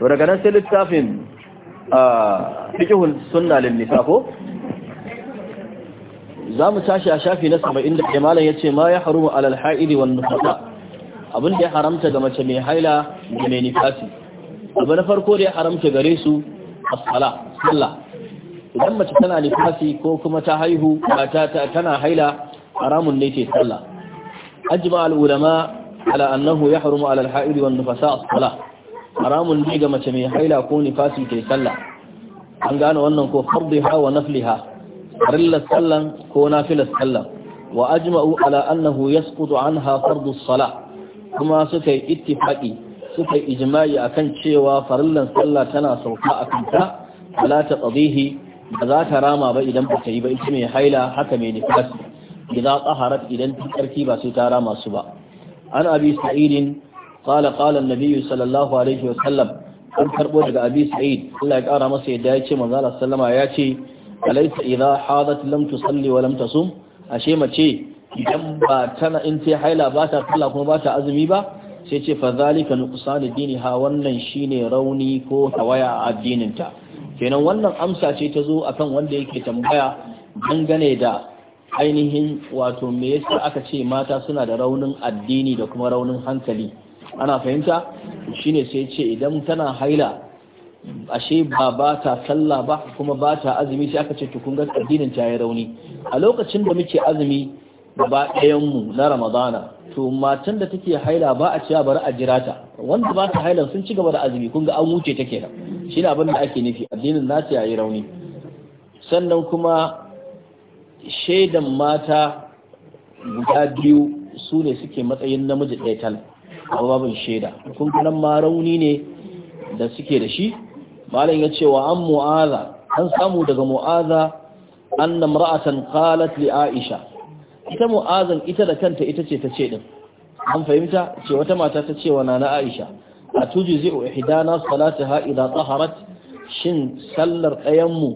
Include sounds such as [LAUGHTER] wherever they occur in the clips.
to daga nan sai littafin fiqhul sunna lin nisa ko mu tashi a shafi na 70 da malam yace ma ya harumu alal haidi wan nufasa abin ya haramta ga mace mai haila da mai nifasi abu na farko da ya haramta gare su as-sala sallah idan mace tana nifasi ko kuma ta haihu ta tana haila haramun ne ce sallah ajma al ulama ala annahu yahrumu ala al haidi wan nufasa as-salah haramun ne ga mace mai haila ko nifasi ke sallah an gane wannan ko fardiha wa nafliha farillar sallan ko nafilar sallan wa ajma'u ala annahu yasqutu anha fardu salah kuma suka yi ittifaqi suka yi ijma'i akan cewa farillar sallah tana sauka a kanta ala ta qadihi ba za ta rama ba idan ba ta yi ba ita mai haila haka mai nifasi idan tsaharat idan ta karki ba sai ta rama su ba an abi sa'idin qala qala an-nabi sallallahu an karbo daga abi sa'id Allah ya kara masa yadda ya ce manzo Allah sallama ya ce alaysa idha hadat lam tusalli wa lam tasum ashe mace idan ba tana in ta haila ba ta kalla kuma ba ta azumi ba sai ce fa zalika nuqsan ha? wannan shine rauni ko tawaya a addinin ta kenan wannan amsa ce ta zo akan wanda yake tambaya dangane da ainihin wato me yasa aka ce mata suna da raunin addini da kuma raunin hankali ana fahimta shine sai ce idan tana haila ashe ba ba ta sallah ba kuma ba ta azumi sai aka ce kun ga addinin ta ya rauni a lokacin da muke azumi gaba ɗayan mu na ramadana to matan da take haila ba a cewa bari a jira ta wanda ba ta haila sun ci gaba da azumi kun ga an wuce take da shi abin da ake nufi addinin nata yi rauni sannan kuma shaidan mata guda biyu su ne suke matsayin namiji ɗaya a babin shaida kun nan ma rauni ne da suke da shi malam ya ce wa an mu'aza an samu daga mu'aza anna imra'atan qalat li aisha ita mu'azan ita da kanta ita ce ta ce din an fahimta ce wata mata ta ce wa nana aisha a tujzi ihdana salataha idan taharat shin sallar ɗayan mu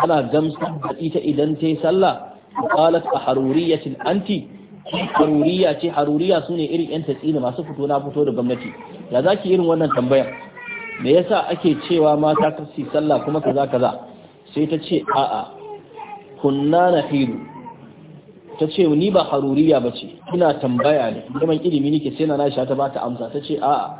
tana gamsar da ita idan ta yi sallah qalat a haruriyatin anti haruriya ce haruriya su ne irin 'yan tatsina masu fito na fito da gwamnati ya za ki irin wannan tambayar me yasa ake cewa mata ka su sallah kuma kaza kaza sai ta ce a'a kunna na ta ce ni ba haruriya ba ce ina tambaya ne zaman ilimi nake sai na na ta ba ta amsa ta ce a'a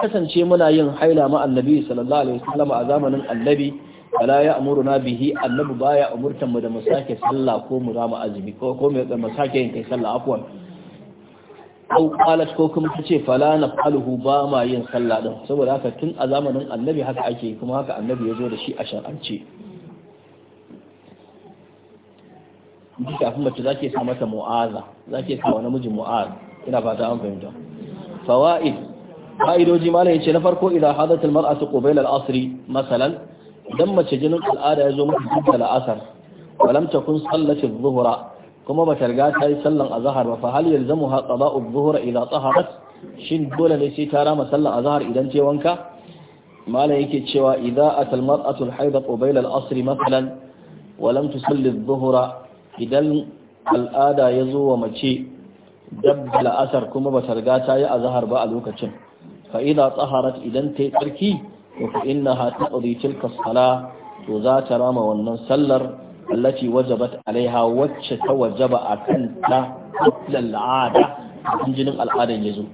kasance muna yin haila ma annabi sallallahu alaihi wasallam a zamanin annabi wala ya amuru na bihi annabi baya umurtan mu da mu sake sallah ko mu rama azumi ko ko mu sake yin kai sallah afwan au qalat ko kuma tace fala Faluhu ba ma yin sallah din saboda haka tun a zamanin annabi haka ake kuma haka annabi ya zo da shi a shar'ance duk kafin mace zake sa mata mu'aza zake sa wa namiji mu'aza ina fata an fahimta fawaid fa'idoji malam ce na farko idan hadatul mar'atu qabila al-asri masalan idan mace jinin al'ada ya zo mata duk da la'asar walam kun sallati zuhura kuma bata riga ta yi sallan azhar ba fa hal ha qada'u dhuhra idan taharat shin dole ne sai ta rama sallan azhar idan ce wanka malam yake cewa idza atal mar'atu al-hayd qabila al-asr mathalan walam tusalli zuhura idan al'ada ya zo wa mace dab la'asar kuma bata riga ta yi ba a lokacin fa idza taharat idan ta yi tsarki فإنها تقضي تلك الصلاة وذات رام ونن سلر التي وجبت عليها وجه وجب أكنت قبل العادة من جنم العادة يزو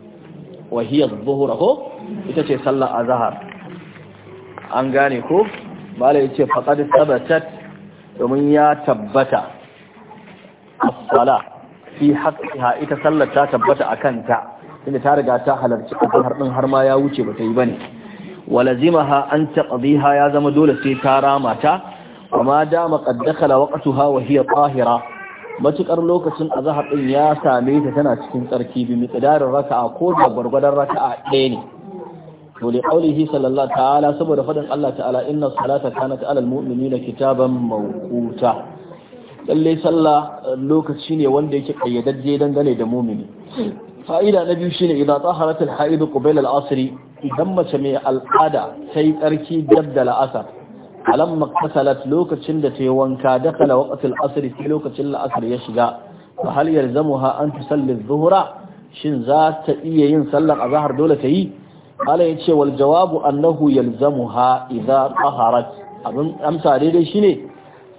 وهي الظهر هو إتتي صلى الظهر أنغاني كوف بل إتتي فقد ثبتت ومن يتبت الصلاة في حقها إتسلت تبت أكنت إن تارجع تحلر الظهر من هرما يوجب تيبني walazimaha an taqdiha ya zama dole sai ta ramata, ta amma dama qad dakhala waqtaha matukar lokacin zahar din ya same ta tana cikin tsarki bi miqdarin raka'a ko da gurgurdan raka'a ɗaya ne to li qawlihi sallallahu ta'ala saboda fadin Allah ta'ala inna salata kanat alal mu'minina kitaban mawquta lalle sallah eh, lokaci ne wanda yake kayyadajje dangane da mumini fa'ida na biyu shine idan taharat al-haid qabla al-asr idan mace mai al'ada sai tsarki dab da la'asar alam maqtasalat lokacin da tayi wanka dakala waqtil asr sai lokacin la'asar ya shiga fa hal yalzamuha an tusalli adh-dhuhra shin za ta iya yin sallar azhar dole ta yi ala yace wal jawabu annahu yalzamuha idza taharat abin amsa daidai shine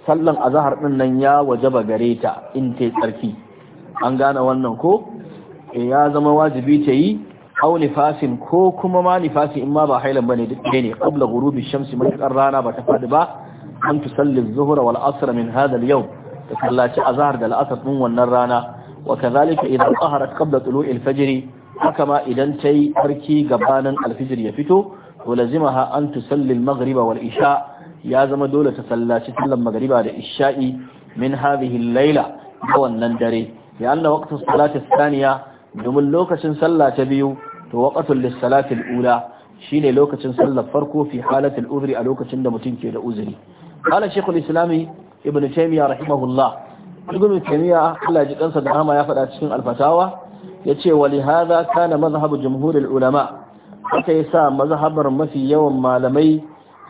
sallan azahar din nan ya wajaba gare ta in ta tsarki an gane wannan ko eh, ya zama wajibi ta yi aw nifasin ko kuma ma nifasi in ma ba hailan bane duk dai ne qabla ghurubi shamsi matakar rana ba ta fadi ba an tusalli az-zuhra wal asr min hadha al-yawm ta sallaci azhar da al-asr din wannan rana wa kadhalika idan taharat qabla tulu'i al-fajr haka ma idan tayi farki gabanin al-fajr ya fito to lazimaha an tusalli al-maghriba wal isha ya zama dole ta sallaci sallan magariba da isha'i min hadhihi al-laila da wannan dare ya anna waqtu salati thaniya domin lokacin sallah ta biyu to waqtul lis-salati al-ula shine lokacin sallar farko fi halatul uzri a lokacin da mutum ke da uzuri qala shaykhul islami ibn taymiya rahimahullah ibn taymiya Allah ji kansa da hama ya fada cikin alfatawa yace wa li hadha kana mazhabu jumhurul ulama haka yasa mazhabar mafi yawan malamai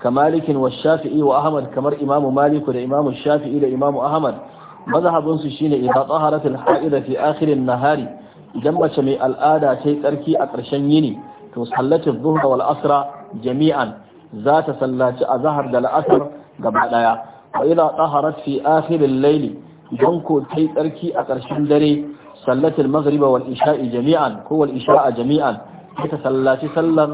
كمالك والشافعي وأحمد كمر إمام مالك وإمام الشافعي لإمام أحمد مذهب سشين إذا طهرت الحائض في آخر النهار جمع شمي الآدى شيء تركي أقرشن يني تصلت الظهر والأسرى جميعا ذات صلات أظهر دل أثر قبل وإذا طهرت في آخر الليل جنكو شيء تركي أقرشن دري صلت المغرب والإشاء جميعا هو الإشاء جميعا تتصلت صلى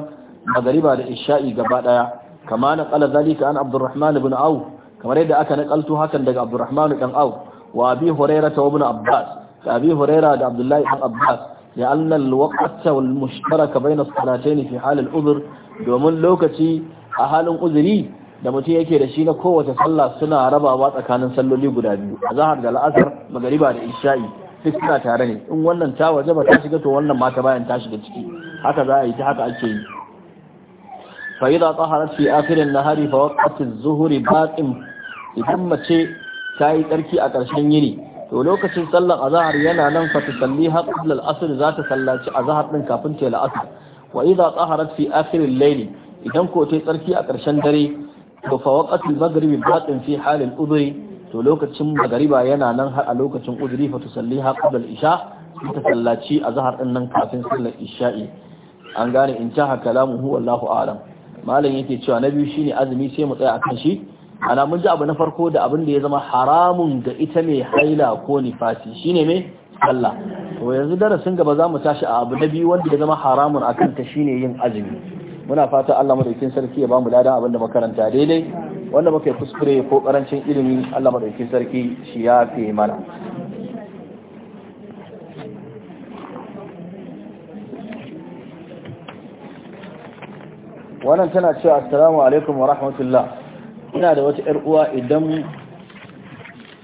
المغرب والإشاء قبل kama na qala zalika an abdurrahman ibn aw kamar yadda aka nakalto hakan daga abdurrahman dan aw wa abi hurairah wa ibn abbas da abi hurairah da abdullahi ibn abbas ya anna al-waqt wal mushtaraka bayna salatayn fi hal al-udhr domin lokaci a halin uzuri da mutum yake da shi na kowace sallah suna rabawa tsakanin salloli guda biyu azhar da la'asar magriba da isha'i duk suna tare ne in wannan ta ba ta shiga to wannan mata bayan ta shiga ciki haka za a yi ta haka ake yi فإذا na hari fa النهار zuhuri الظهر idan mace ta yi tsarki a أكرشن yini to lokacin sallar azhar yana nan fa tusalliha qabla al-asr za ta sallaci azhar ɗin kafin ta al-asr wa idha taharat fi akhir al-layl idan ko tai tsarki a ƙarshen dare to fa waqatul maghribi batin fi halin udhri to lokacin magariba yana nan har a lokacin udhri fa tusalliha qabla al-isha ta sallaci azhar din nan kafin sallar isha'i an gane in ta kalamu huwa Allahu a'lam malam yake cewa na biyu shine azumi sai mu tsaya akan shi ana mun ji abu na farko da abin da ya zama haramun ga ita mai haila ko nifasi shine me sallah to yanzu darasin gaba za mu tashi a abu na biyu wanda ya zama haramun akan ta shine yin azumi muna fata Allah madaukakin sarki ya mu ladan abin da makaranta daidai wanda muka kuskure ko karancin ilimi Allah madaukakin sarki shi ya fi mana wannan tana cewa assalamu alaikum wa rahmatullah ina da wata yar uwa idan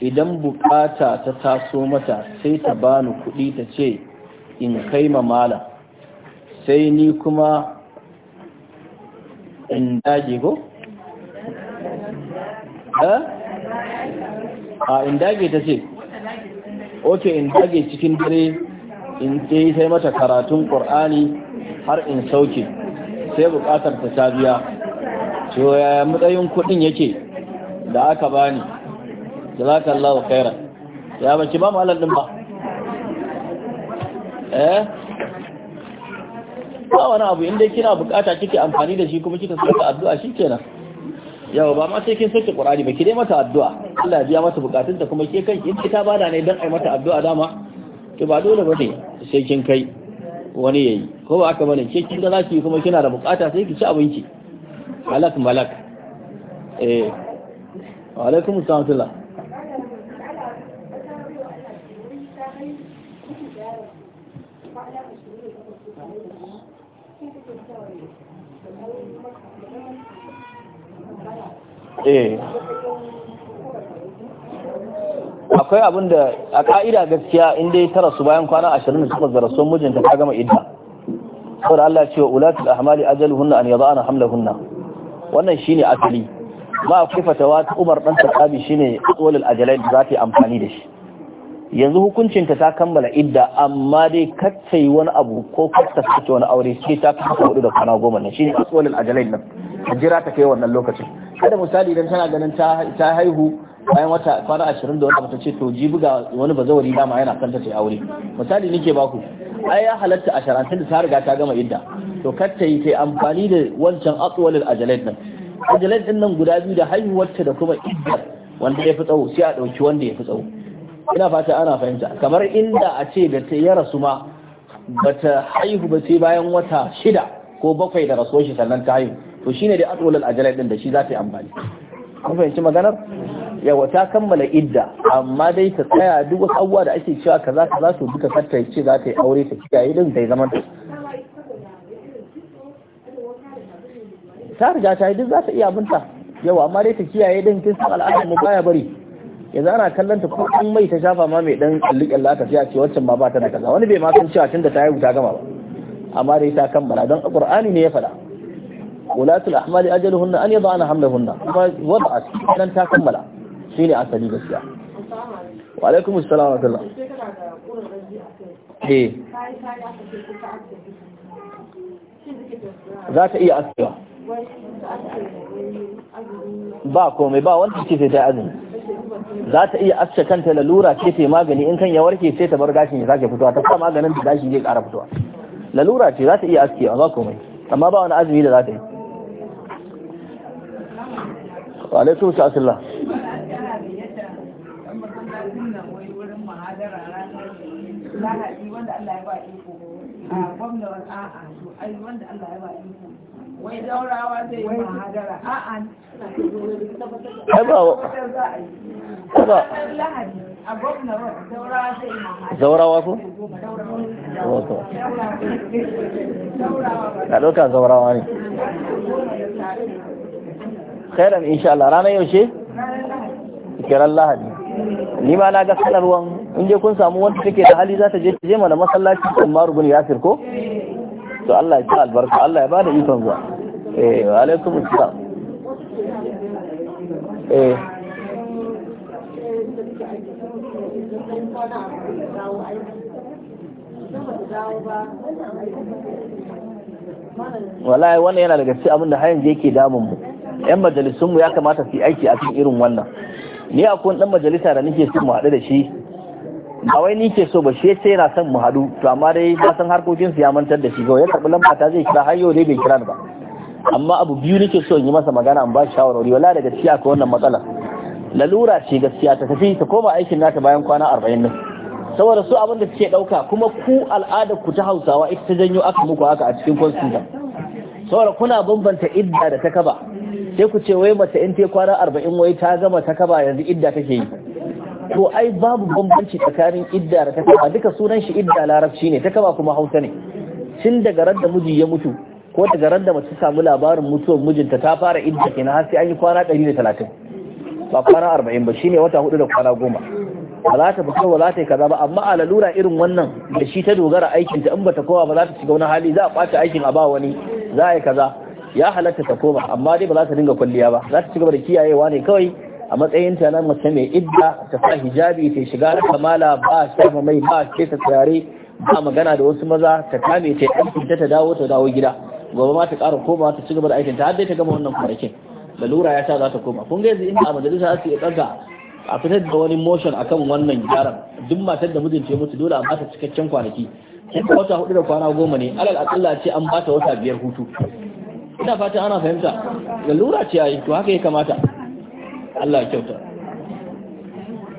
idan bukata ta taso mata sai ta bani kuɗi ta ce in kai ma malam sai ni kuma in dage ko? Eh? a in dage ta ce ok in dage cikin dare in sai mata karatun ƙor'ani har in sauke sai bukatar ta ta biya to ya matsayin kudin yake da aka bani jazakallahu khairan ya baki ba mu din ba eh ba wani abu inda kina bukata kike amfani da shi kuma kika saka addu'a kenan yau ba ma sai kin saki qur'ani ba ki dai mata addu'a Allah ya biya mata bukatunta kuma ke kai in ta bada ne dan ai mata addu'a dama to ba dole bane sai kin kai wani yayi ko ba aka bane ke kin da zaki kuma kina da bukata sai ki ci abinci halak malak eh wa alaikum assalam eh akwai abin da a ka'ida gaskiya in dai ta rasu bayan kwana ashirin da suka zara sun mijinta ta gama idda saboda Allah cewa ulatul ahmali hunna an hamla hunna. wannan shine asali ma akwai fatawa ta Umar dan ne shine aqwalul ajalain za ta yi amfani da shi yanzu hukuncinta ta kammala idda amma dai kacce wani abu ko kacce ta wani aure sai ta kasa hudu da kwana goma ne shine aqwalul ajalain nan jira ta kai wannan lokacin kada misali idan tana ganin ta haihu bayan wata kwana ashirin da wata ce to ji buga wani bazawari dama yana kanta ta aure misali nike baku ai ya halatta ashirin tun da ta riga ta gama idda to kar ta yi ta amfani da wancan atsuwalil ajalai nan ajalai din nan guda biyu da haihuwarta da kuma idda wanda ya fi tsawo sai a ɗauki wanda ya fi tsawo ina fata ana fahimta kamar inda a ce da ta ya rasu ma bata haihu ba sai bayan wata shida ko bakwai da rasuwar shi sannan ta haihu to shine dai atsuwalil ajalai din da shi za ta yi amfani an fahimci maganar yawa ta kammala idda amma dai ta tsaya duk wasu abubuwa da ake cewa kaza kaza to duka fatta ce za ta yi aure ta kiyaye din zai zama ta riga ta yi duk za ta iya abinta yawa amma dai ta kiyaye din kin san al'adar mu baya bari yanzu ana kallon ta ko an mai ta shafa ma mai dan kalli kalla ta fiya ce waccan ba ta da kaza wani bai ma san cewa tunda ta yi ta gama ba amma dai ta kammala don alqur'ani ne ya faɗa ulatul ahmali ajaluhunna an yadana hamlahunna kuma wada'at nan ta kammala shi ne asali gaskiya wa alaikum assalam wa rahmatullah eh. za ta iya askewa ba komai ba wanda ce sai ta azumi za ta iya aske kanta lalura ce ta magani in kan ya warke sai ta bar gashin ya sake fitowa ta sa maganin da gashi zai kara fitowa lalura ce za ta iya askewa ba komai amma ba wani azumi da za ta yi wa alaikum assalam lahadi wanda Allah ya ba iko a gwamna wani ai wanda Allah ya ba iko wai daurawa zai yi mahadara a ko zaurawa ne khairan insha Allah ranar yaushe kiran lahadi ni ma na ga sanarwan in je kun samu wanda take da hali za ta je je mana masallaci Umar ibn Yasir ko to Allah ya sa albarka Allah ya ba da ikon zuwa eh wa alaikum assalam eh wallahi wannan yana daga cikin abin da hayan je yake damun mu yan majalisunmu ya kamata su yi aiki a cikin irin wannan ni akwai dan majalisa da nake son mu haɗu da shi ba wai ni ke so ba shi sai yana son mu haɗu to amma dai ba san harkokin su ya mantar da shi ga ya karɓi lamba ta zai kira har yau dai bai kira ba amma abu biyu nake so in yi masa magana in ba shi shawarwari wala daga ciya ko wannan matsala lalura ce gaskiya ta tafi ta koma aikin nata bayan kwana arba'in nan saboda su abin da suke ɗauka kuma ku al'adar ku ta hausawa ita ta janyo aka muku haka a cikin constitution saboda kuna bambanta idda da ta kaba sai ku ce wai mace in ta kwana arba'in wai ta gama ta kaba yanzu idda take yi to ai babu bambanci tsakanin idda da ta kaba duka sunan shi idda larabci ne ta kaba kuma hausa ne tun daga ran da miji ya mutu ko daga ran da mace samu labarin mutuwar mijinta ta fara idda kenan har sai an yi kwana ɗari da talatin ba kwana arba'in ba shine wata hudu da kwana goma ba za ta fito ba za ta yi kaza ba amma a lalura irin wannan da shi ta dogara aikinta in ba ta kowa ba za ta shiga wani hali za a ɓata aikin a ba wani za a yi kaza ya halatta ta koma amma dai ba za ta dinga kwalliya ba za ta ci gaba da kiyayewa ne kawai a matsayin ta nan mace mai idda ta sa hijabi ta shiga na kamala ba shafa mai ba ce ta tsare ba magana da wasu maza ta kame ta aikin ta ta dawo ta dawo gida gobe ma ta ƙara koma ta ci gaba da aikin ta har dai ta gama wannan kwanakin lalura ya sa za ta koma kun ga yanzu inda a majalisa za su iya ɗaga a fitar da wani motion akan wannan gyaran duk matar da mijinta ya mutu dole a bata cikakken kwanaki kuma wata hudu da kwana goma ne alal akalla ce an bata wata biyar hutu ina fata ana fahimta lura ce yayi to haka ya kamata Allah kyauta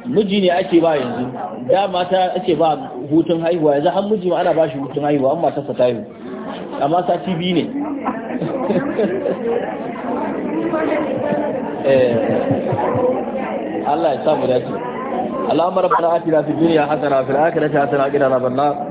miji ne ake ba yanzu da mata ake ba hutun haihuwa yanzu har miji ma ana ba shi hutun haihuwa amma ta sa tayi amma sati biyu ne [LAUGHS] eh, Allah ya samu dace اللهم ربنا آتنا a الدنيا حسنة وفي hasana حسنة وقنا عذاب النار